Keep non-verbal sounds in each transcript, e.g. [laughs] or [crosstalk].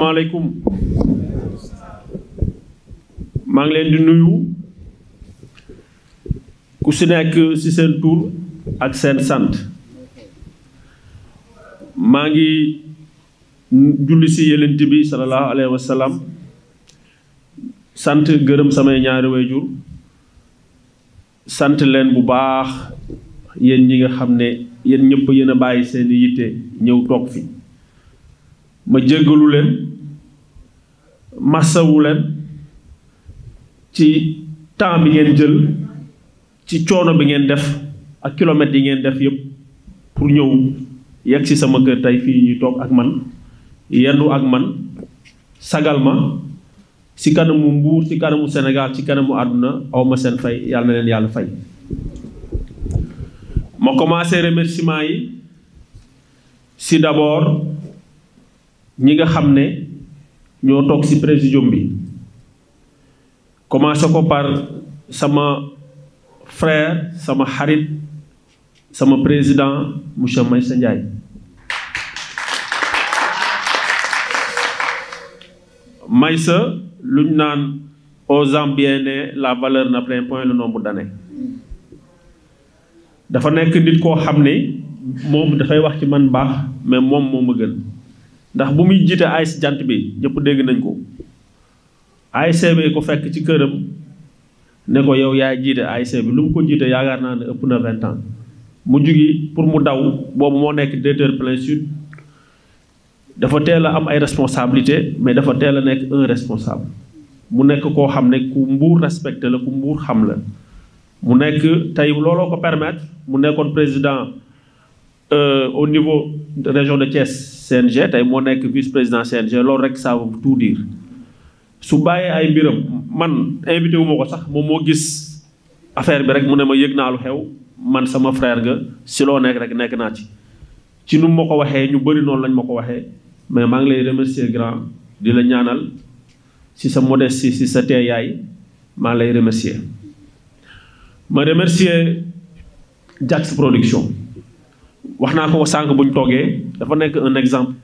asalaamaaleykum maa ngi leen di nuyu ku si nekk ci seen tuur ak seen sant maa ngi julli si yelent bi sallallahu alayhi wa salaam sant gërëm samay ñaari waajur sant leen bu baax yéen ñi nga xam ne yéen ñëpp yéen a bàyyi seeni yitte ñëw toog fi ma jéggalu leen massawu leen ci temps bi ngeen jël ci coono bi ngeen def ak kilomètres yi ngeen def yépp pour ñëw yegg ci sama kër tey fii ñuy toog ak man yendu ak man sagal ma ci kanamu Mbuur ci kanamu Sénégal ci kanamu àdduna awma seen fay yàlla na yàlla fay ma commencé remerciement yi si d'abord ñi nga xam ne ñoo toog ci présidium bi commencé ko par sama frère sama xarit sama président monsieur Meissa Ndiaye Meissa luñ naan aux Zambiens la valeur n'atteint point le nombre d'années dafa nekk nit koo xam ne moom dafay wax ci man baax mais moom moo ma gën ndax bu muy jiite ASC jant bi ñëpp dégg nañ ko ASC bi ko fekk ci këram ne ko yow yaay jiite ASC bi lu mu ko jiite yaakaar naa ne ëpp na vingt ans mu jugi pour mu daw boobu moo nekk directeur plein sud dafa teel a am ay responsabilité mais dafa teel a nekk un responsable mu nekk koo xam ne ku mbuur respecté la ku mbuur xam la mu nekk tey looloo ko permettre mu nekkoon président euh, au niveau de région de Thiès CNG tey moo nekk vice président CNG loolu rek ça veut tout dire su bàyyee ay mbiram man invité wu ma ko sax moom moo gis affaire bi rek mu ne ma yëg naa lu xew man sama frair ga si loo nekk rek nekk naa ci. ci nu ma ko waxee ñu bëri noonu lañ ma ko waxee mais maa ngi lay remercier grand di la ñaanal si sa modestie si sa teyaay maa ngi lay remercier ma remercier Jax production. wax naa ko sànq bu ñu toogee dafa nekk un exemple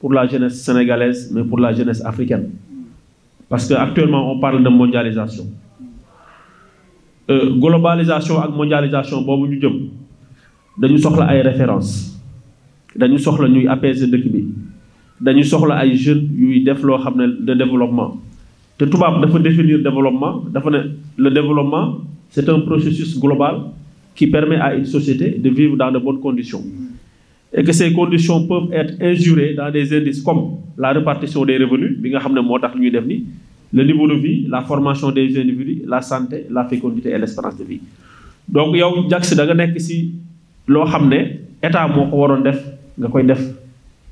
pour la jeunesse sénégalaise mais pour la jeunesse africaine parce que actuellement on parle de mondialisation euh, globalisation ak mondialisation boobu ñu jëm dañu soxla ay références dañu soxla ñuy apaiser dëkk bi dañu soxla ay jeunes yuy def loo xam ne de développement te tubaab dafa définir développement dafa ne le développement c'est un processus global qui permet à une société de vivre dans de bonnes conditions. Et que ces conditions peuvent être injurées dans des indices comme la répartition des ni le niveau de vie, la formation des individus, la santé, la fécondité et l'espérance de vie. Donc, yow Jax da nga nekk si loo xam ne état moo ko waroon def nga koy def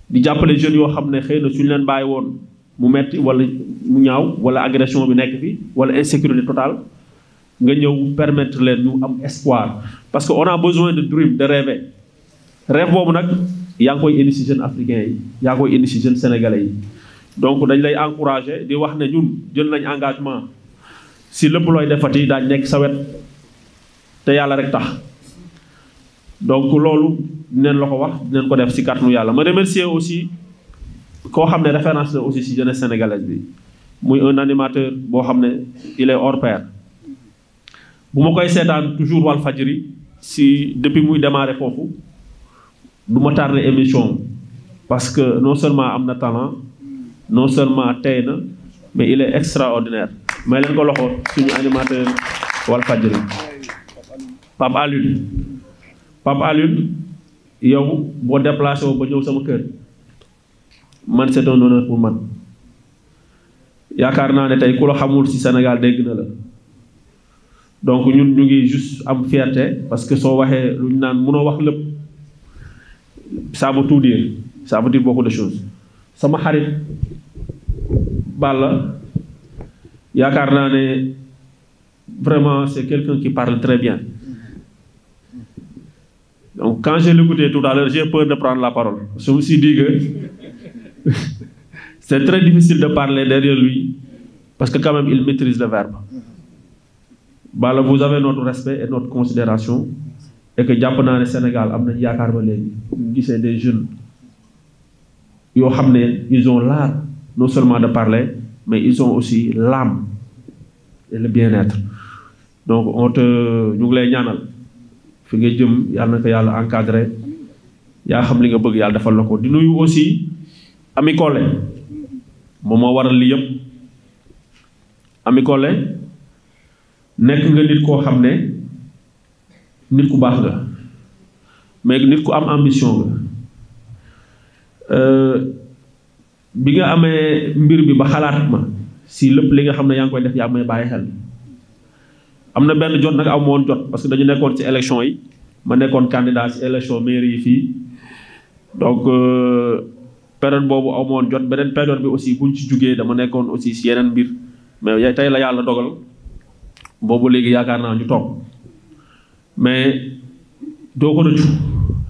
di jàppale jeunes yoo xam ne xëy na suñu leen bàyyi woon mu metti wala mu ñaaw wala agression bi nekk fi wala insécurité totale nga ñëw permettre leen ñu am espoir parce que on a besoin de dream de rêver rêve boobu nag yaa ngi koy indi si jeunes africains yi yaa indi si jeunes sénégalais yi donc dañ lay encourager di wax ne ñun jël nañ engagement si lépp looy defati daañ nekk sa wet te yàlla rek tax donc loolu neen la ko wax dinañ ko def si kàttanu yàlla ma remercier aussi koo xam ne référence la aussi si jeunesse sénégalaise bi muy un animateur boo xam ne il est bu ma koy seetaan toujours wal fajri si depuis muy démarré foofu du ma tardé émission parce que non seulement am na talent non seulement tey na mais il est extraordinaire may leen ko loxo suñu animateur wal fajri Pape Alioune Pape yow boo déplacé woo ba ñëw sama kër man c'est un honneur man yaakaar naa ne tey ku la xamul ci Sénégal dégg na la donc ñun ñu ngi juste am fierté parce que soo waxee lu ñu naan mënoo wax lépp ça veut tout dire ça veut dire de choses sama xarit la yaakaar naa ne vraiment c'est quelqu'un qui parle très bien donc quand j'ai l'écouté tout à l'heure j'ai peur de prendre la parole je me suis dit que [laughs] c'est très difficile de parler derrière lui parce que quand même il maîtrise le verbe Balla vous avez notre respect et notre considération et que jàpp naa ne Sénégal am nañ yaakaar ba léegi ñu gisee des jeunes yoo xam ne ils ont l'art non seulement de parler mais ils ont aussi l'âme et le bien-être donc on te ñu ngi lay ñaanal fi nga jëm yàlla na ko yàlla encadré yaa xam li nga bëgg yàlla defal la ko di nuyu aussi Ami Collé moom moo waral li yëpp Ami nekk nga nit koo xam ne nit ku baax nga mais nit ku am ambition nga euh, bi nga amee mbir bi ba xalaat ma si lépp li nga xam ne yaa ngi koy def yaa may bàyyi xel am na benn jot nag aw moon jot parce que dañu nekkoon ci élection yi ma nekkoon candidat ci élection mairie yi fii donc euh, période boobu aw moon jot beneen période bi aussi buñ ci jugee dama nekkoon aussi si yeneen mbir mais tey la yàlla dogal boobu léegi yaakaar naa ñu toog mais doo ko rëccu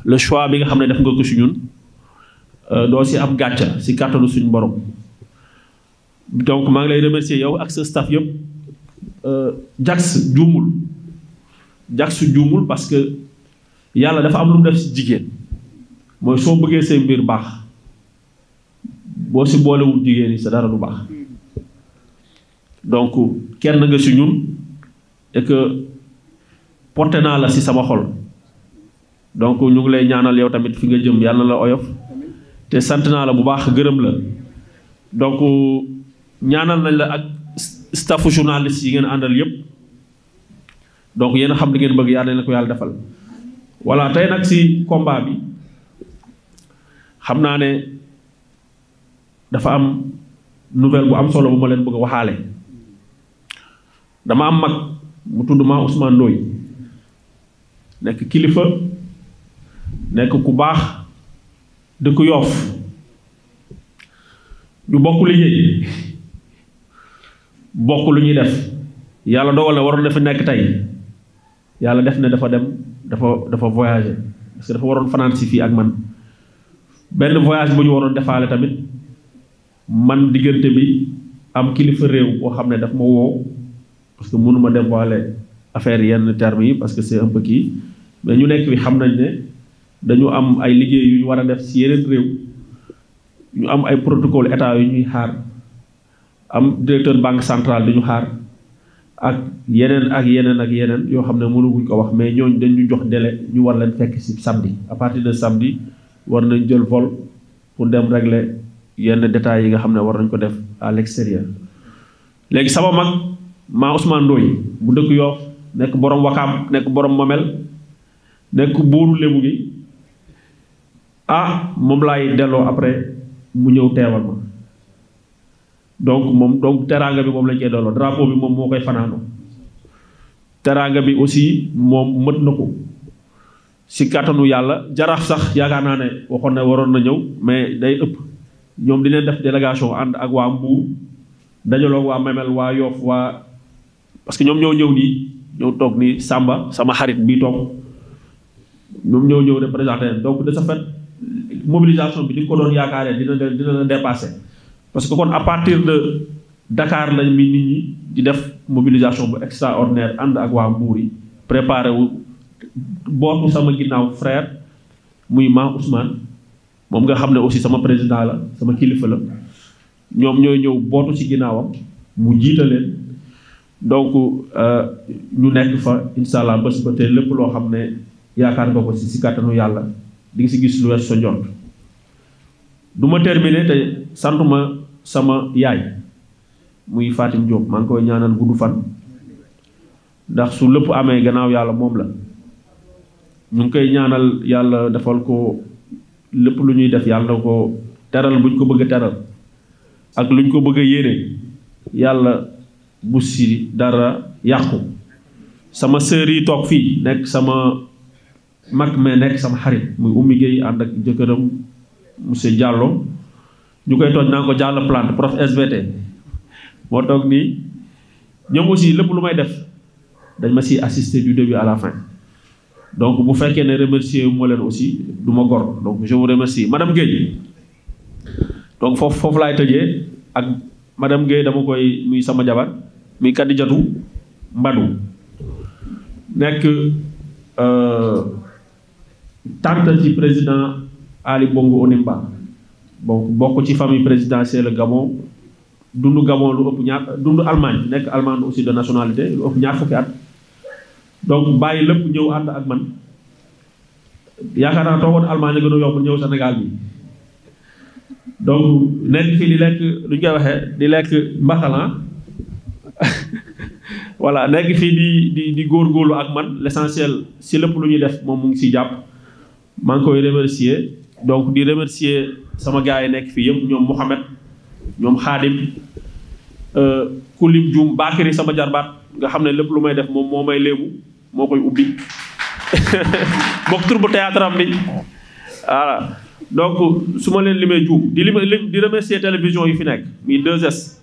le choix bi nga xam ne def nga ko si ñun euh, doo si am gàcca si kàttanu suñ borom donc maa ngi lay remercier yow ak sa staff yëpp euh, jax juumul jax juumul parce que yàlla dafa am lu mu def si jigéen mooy soo bëggee say mbir baax boo si boolewul jigéen yi sa dara du baax hmm. donc kenn nga si ñun et que porté naa la si sama xol donc ñu ngi lay ñaanal yow tamit fi nga jëm yàlla na la oyof te sant naa la bu baax gërëm la donc ñaanal nañ la ak staffu journaliste yi ngeen àndal yépp donc yéen xam li ngeen bëgg yàlla na ko yàlla defal voilà tey nag si combat bi xam naa ne dafa am nouvelle bu am solo bu ma leen bëgg waxaale dama am mag mu tudd maa Ousmane Ndoye nekk kilifa nekk ku baax dëkk yoof ñu bokk lu ñuy def yàlla dogal na waroon na nekk tey yàlla def ne dafa dem dafa dafa voyager parce que dafa waroon fanaan si fii ak man benn voyage bu ñu waroon defaale tamit man diggante bi am kilifa réew boo xam ne dafa ma woo parce que mënu ma dévoiler affaire yenn termes yi parce que c'est un peu kii mais ñu nekk fi xam nañ ne dañu am ay liggéey yu ñu war a def ci yeneen réew ñu am ay protocole état yu ñuy xaar am directeur banque centrale di ñu xaar ak yeneen ak yeneen ak yeneen yoo xam ne mënaguñ ko wax mais ñooñu dañ jox délai ñu war leen fekk ci samedi à partir de samedi war nañ jël vol pour dem régler yenn détails yi nga xam ne war nañ ko def à léegi sama mag maa Ousmane Ndoye bu dëkk Yoff nekk borom Wakaam nekk boroom Mamel nekk booru Lébu gi ah moom lay delloo après mu ñëw teewal ma donc moom donc teraanga bi moom lañ koy delloo drapeau bi moom moo koy fanaanoo teraanga bi aussi moom mët na ko si kàttanu yàlla jaraaf sax yaakaar naa ne waxoon na waroon na ñëw mais day ëpp ñoom dinañ def délégation ànd ak waa Mbour dajaloo waa Mamel waa Yoff waa parce que ñoom ñoo ñëw nii ñoo toog nii sàmba sama xarit bii toog ñoom ñoo ñëw représenté donc de sa fait mobilisation bi ni nga ko doon yaakaaree dina dina la dépassé parce que kon à partir de Dakar lañ mi nit ñi di def mobilisation bu extraordinaire ànd ak waa Mbuur yi préparé wu bootu sama ginnaaw frère muy Maam Ousmane moom nga xam ne aussi sama président la sama kilifa la ñoom ñooy ñëw bootu ci ginnaawam mu jiita donc euh, ñu nekk fa incha allah bés ba tey lépp loo xam ne yaakaar nga ko si si kàttanu yàlla di nga si gis lu wees sa njort du ma terminer te santuma sama yaay muy Fatim Diop maa ngi koy ñaanal gudd fan ndax su lépp amee gannaaw yàlla moom la ñu ngi koy ñaanal yàlla defal ko lépp lu ñuy def yàlla na ko teral buñ ko bëgg a teral ak luñ ko bëgg a yàlla. bu dara yàqu sama sœur yi toog fii nekk sama mag mais nekk sama xarit muy ummi Gueye ànd ak jëkkëram muse Diallo ñu koy tooj naa ko Diallo plante prof SVT moo toog nii ñoom aussi lépp lu may def dañ ma si assister du début à la fin donc bu fekkee ne remercier moo leen aussi du ma gor donc je vous remercie madame Gueye donc foofu foofu laay tëjee ak madame Gueye dama koy muy sama jabar mi Kadijatu Mbadu nekk euh, tante ci président Ali Bongo Onimba donc bokk ci famille présidentielle Gabon dund Gabon lu ëpp ñaar dund Allemagne nekk Allemagne aussi de nationalité lu ëpp ñaar fukki at donc bàyyi lépp ñëw ànd ak man yaakaar naa toogoon Allemagne gën a yomb ñëw Sénégal bi donc nekk fii di lekk lu ñu koy lekk mbaxalan [laughs] voilà nekk fii di di di góorgóorlu ak man l'essentiel si lépp lu ñuy def moom mu ngi siy jàpp maa ngi koy remercier donc di remercier sama gars yi nekk fii yëpp ñoom Mouhamed ñoom Khadim euh, Kulim Dioum Bakary sama jarbaat nga xam ne lépp lu may def moom moo may léemu moo koy ubbi bokk [laughs] tur bu théâtre am bi voilà donc su ma leen limee Dioum di lim di remercier télévision yi fi nekk muy 2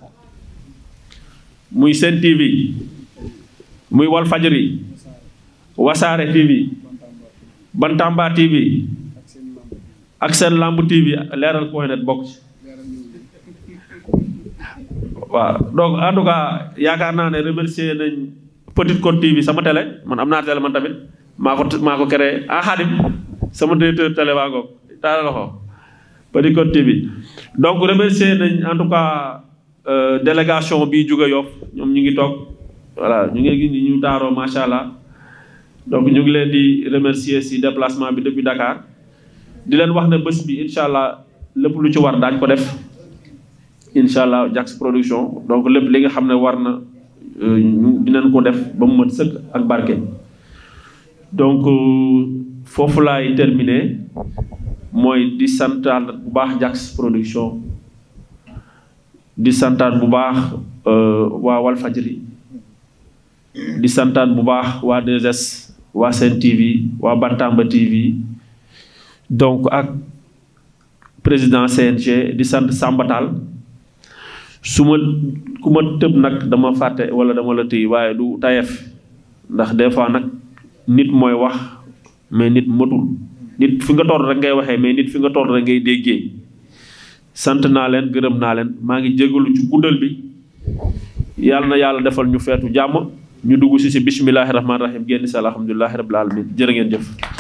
muy Sen TV muy Walfajri Wasaare TV Bantamba TV ak seen lamb TV leeral point net bokk waaw donc en tout cas yaakaar naa ne remercier nañ Petite Côte TV sama télé man am naa télé man tamit maa ko maa ko créé ah, sama directeur télé waa ngoog taala loxo Petite Côte TV donc remercier nañ en Euh, délégation bi jóge Yoff ñoom ñu ngi toog voilà ñu ngi gis ñu taaroo macha allah donc ñu ngi leen di remercier si déplacement bi depuis Dakar di leen wax ne bës bi incha allah lépp lu ci war daañ ko def incha allah Jax production donc lépp li nga xam ne war na euh, ñu dinañ ko def ba mu mat sëkk ak barke. donc euh, foofu laay terminer mooy di santaal bu baax Jax production. Euh, di santaan bu baax waa Walfajri di santaan bu baax waa 2S waa Sen TV waa Bantamba TV donc ak président CNG di sant Sambatal su ma ku ma tëb nag dama fàtte wala dama la tëy waaye du tayef ndax des fois nag nit mooy wax mais nit matul nit fi nga toll rek ngay waxee mais nit fi nga toll rek ngay déggee sant naa leen gërëm naa leen maa ngi jégalu ci guddal bi yàlla na yàlla defal ñu feetu jàmm ñu dugg si si bisimilahi rahmaani rahim génn si alhamdulilahi rabil alamin jërë ngeen jëf